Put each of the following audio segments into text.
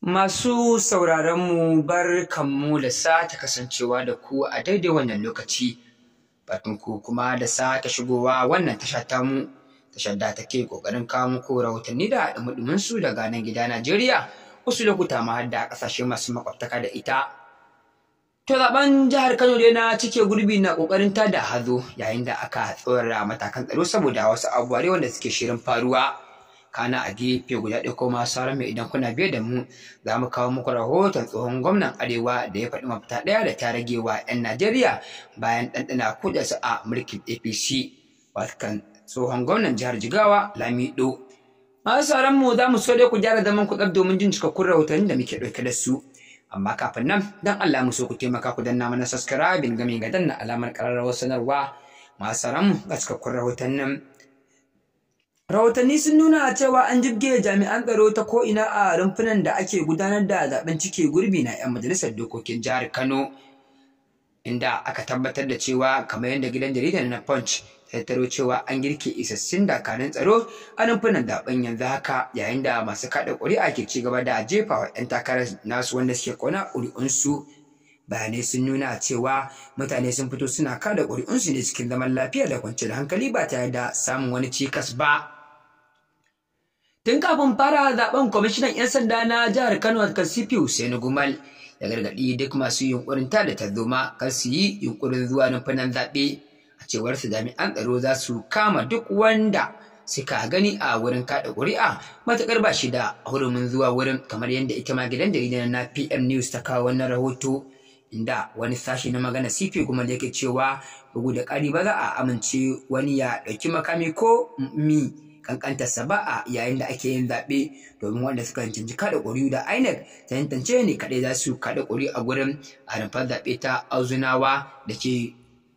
Masu sauraronmu bar kanmu da sake kasancewa da ku a daidai wannan lokaci, ku kuma da sake shigowa wannan tasha tamu, tashar da take ƙoƙarin kawo muku rahotanni da ɗumuɗuminsu daga nan gida Najeriya, wasu lokuta ma har da ƙasashe masu makwabtaka da ita. To zaɓen jihar Kano dai na cike gurbi na ƙoƙarin tada hazo yayin da aka tsorara matakan tsaro saboda wasu abubuwa wanda suke shirin faruwa. kana a gefe guda ɗaya ko sauran mai idan kuna biye da mu za mu kawo muku rahoton tsohon gwamnan arewa da ya faɗi mafita ɗaya da ta ragewa 'yan najeriya bayan ɗanɗana su a mulkin apc watakan tsohon gwamnan jihar jigawa lamido masu sauran mu za mu so dai ku gyara zaman ku domin jin cikakkun rahotannin da muke ɗauke da su amma kafin nan dan Allah mu so ku taimaka ku danna mana subscribing game ga danna alamar ƙararrawar sanarwa masu sauran mu ga cikakkun rahotannin rahotanni sun nuna cewa an jibge jami'an tsaro ta ko'ina a rumfunan da ake gudanar da zaben cike gurbi na 'yan majalisar dokokin jihar kano inda aka tabbatar da cewa kamar yadda gidan jaridar na punch ta taro cewa an girke isassun dakarun tsaro a rumfunan zaben yanzu haka yayin da masu kaɗa ƙuri'a ke ci gaba da jefawa 'yan takarar nasu wanda suke kona ƙuri'unsu bayanai sun nuna cewa mutane sun fito suna kaɗa ƙuri'unsu ne cikin zaman lafiya da kwanciyar hankali ba tare da samun wani cikas ba. Tun kafin fara zaben kwamishinan 'yan sanda na jihar Kano kan Kasifi Hussein Gumal ya gargaɗi duk masu yunkurin ta da tarzoma kan su yi yunkurin zuwa nufinan zaɓe a cewar su jami'an tsaro za su kama duk wanda suka gani a wurin kaɗa ƙuri'a matuƙar ba shi da hurumin zuwa wurin kamar yadda ita ma gidan jaridar na PM News ta kawo wannan rahoto inda wani sashi na magana CP Gumal yake cewa bugu da ƙari ba za a amince wani ya ɗauki makami ko mi kankantarsa Saba'a, yayin da ake yin zaɓe domin wanda suka cancanci kada ƙuri'u da INEC ta tantance ne kaɗai za su kada ƙuri'u a gurin a rumfar zaɓe ta Azunawa da ke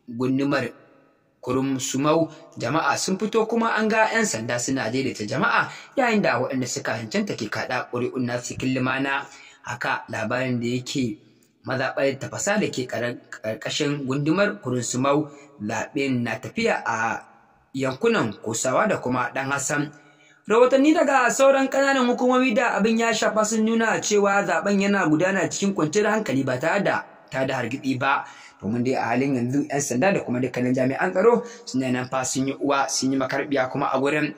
gundumar kurum sumau jama'a sun fito kuma an ga 'yan sanda suna daidaita jama'a yayin da waɗanda suka cancanta ke kaɗa ƙuri'un nasu cikin limana haka labarin da yake mazaɓar tafasa da ke ƙarƙashin gundumar kurum sumau zaɓen na tafiya a yankunan kusawa da kuma Dan hassan rahotanni daga sauran kananan hukumomi da abin ya shafa sun nuna cewa zaben yana gudana cikin kwanciyar hankali ba tare da ta da hargitsi ba domin dai a halin yanzu 'yan sanda da kuma dukkanin jami'an tsaro suna nan fa sun yi uwa sun yi makarbiya kuma a gurin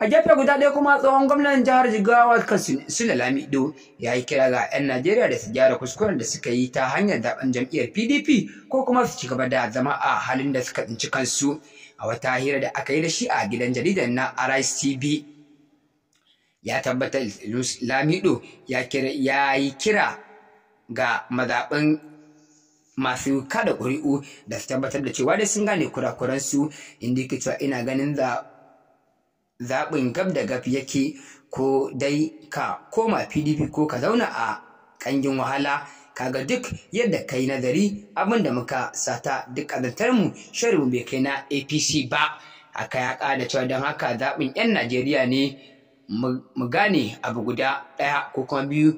a gefe guda ɗaya kuma tsohon gwamnan jihar jigawa sule lamido ya yi kira ga 'yan najeriya da su gyara kuskuren da suka yi ta hanyar zaben jam'iyyar pdp ko kuma su ci gaba da zama a halin da suka tsinci kansu a wata hira da aka yi da shi a gidan jaridar na Arise TV ya tabbatar Lamido ya ya yi kira ga mazaɓin masu kada ƙuri'u da su tabbatar da cewa dai sun gane kurakuransu inda yake cewa ina ganin zaɓin gab da gab yake ko dai ka koma pdp ko ka zauna a ƙangin wahala kaga duk yadda kai nazari abin da muka sata duk ƙazantar mu shirin bai kai na apc ba aka ya ƙada cewa don haka zaɓin 'yan najeriya ne mu gane abu guda ɗaya ko kuma biyu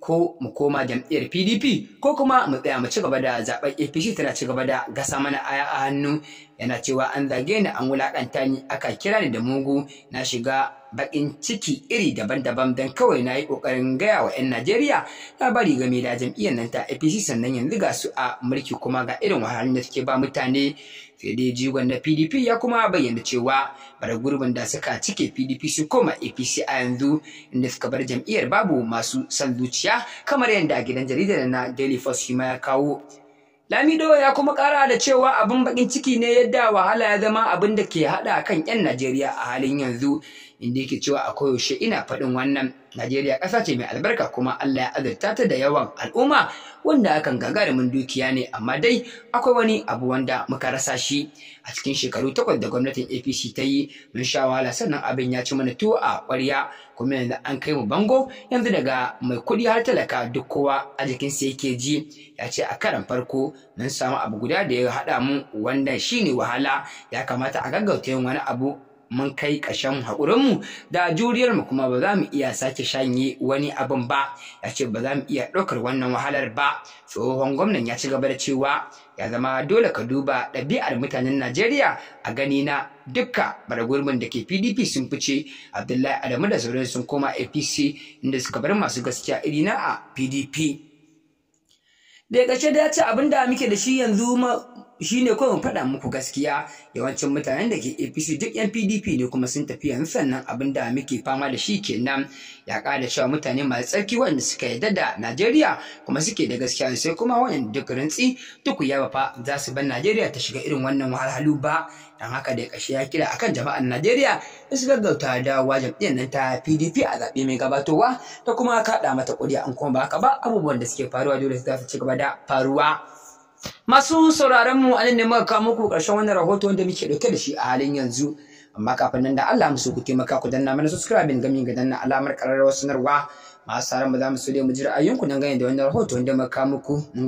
ko mu koma jam'iyyar PDP ko kuma mu tsaya mu ci gaba da zaben APC tana ci gaba da gasa mana a hannu yana cewa an zage ni an wulakanta ni aka kira ni da mugu na shiga bakin ciki iri daban-daban don kawai na yi kokarin gaya wa 'yan Najeriya labari game da jam'iyyar nan ta APC sannan yanzu ga su a mulki kuma ga irin wahalar da suke ba mutane sai dai jigon na PDP ya kuma bayyana cewa bar gurbin da suka cike PDP su koma APC a yanzu inda suka bar jam'iyyar babu masu son zuciya kamar yadda gidan jaridar na Daily Force shi ma ya kawo Lamido ya kuma ƙara da cewa abin bakin ciki ne yadda wahala ya zama abin da ke haɗa kan 'yan Najeriya a halin yanzu inda yake cewa a koyaushe ina faɗin wannan Najeriya ƙasa ce mai albarka kuma Allah ya azurta ta da yawan al'umma wanda akan gagarumin dukiya ne amma dai akwai wani abu wanda muka rasa shi a cikin shekaru takwas da gwamnatin APC ta yi mun sha wahala sannan abin ya ci mana tuwo a ƙwarya kuma yanzu an kai mu bango yanzu daga mai kuɗi har talaka duk kowa a jikin sa yake ji ya ce a karan farko mun samu abu guda da ya haɗa mu wanda shi ne wahala ya kamata a gaggauta yin wani abu mun kai ƙashen haƙurinmu da juriyarmu kuma ba za mu iya sake shanye wani abin ba ya ce ba za mu iya ɗaukar wannan wahalar ba tsohon gwamnan ya ci gaba da cewa ya zama dole ka duba ɗabi'ar mutanen najeriya a gani na dukka baragurmin da ke pdp sun fice abdullahi adamu da sauran sun koma apc inda suka bar masu gaskiya iri na a pdp da ƙarshe da ya ce abin da muke da shi yanzu shine kawai mu faɗa muku gaskiya yawancin mutanen da ke APC duk yan PDP ne kuma sun tafi yanzu sannan abin da muke fama da shi kenan ya ƙara cewa mutane masu tsarki wanda suka yarda da Najeriya kuma suke da gaskiya sai kuma waɗanda duk rantsi duk ya fa za su bar Najeriya ta shiga irin wannan wahalhalu ba don haka da ƙarshe ya kira akan jama'ar Najeriya da su gaggauta dawowa jam'iyyar nan ta PDP a zaɓe mai gabatowa ta kuma kaɗa mata ƙuri'a in kuma ba haka ba abubuwan da suke faruwa dole su za su ci gaba da faruwa. Masu sauraron mu anan ne muka kawo muku ƙarshen wannan rahoto wanda muke ɗauke da shi a halin yanzu. Amma kafin nan da Allah musu ku taimaka ku danna mana ga gami ga danna alamar ƙararrawar sanarwa. Masu sauraron mu za mu so dai mu ji ra'ayinku dangane da wannan rahoto wanda muka kawo muku.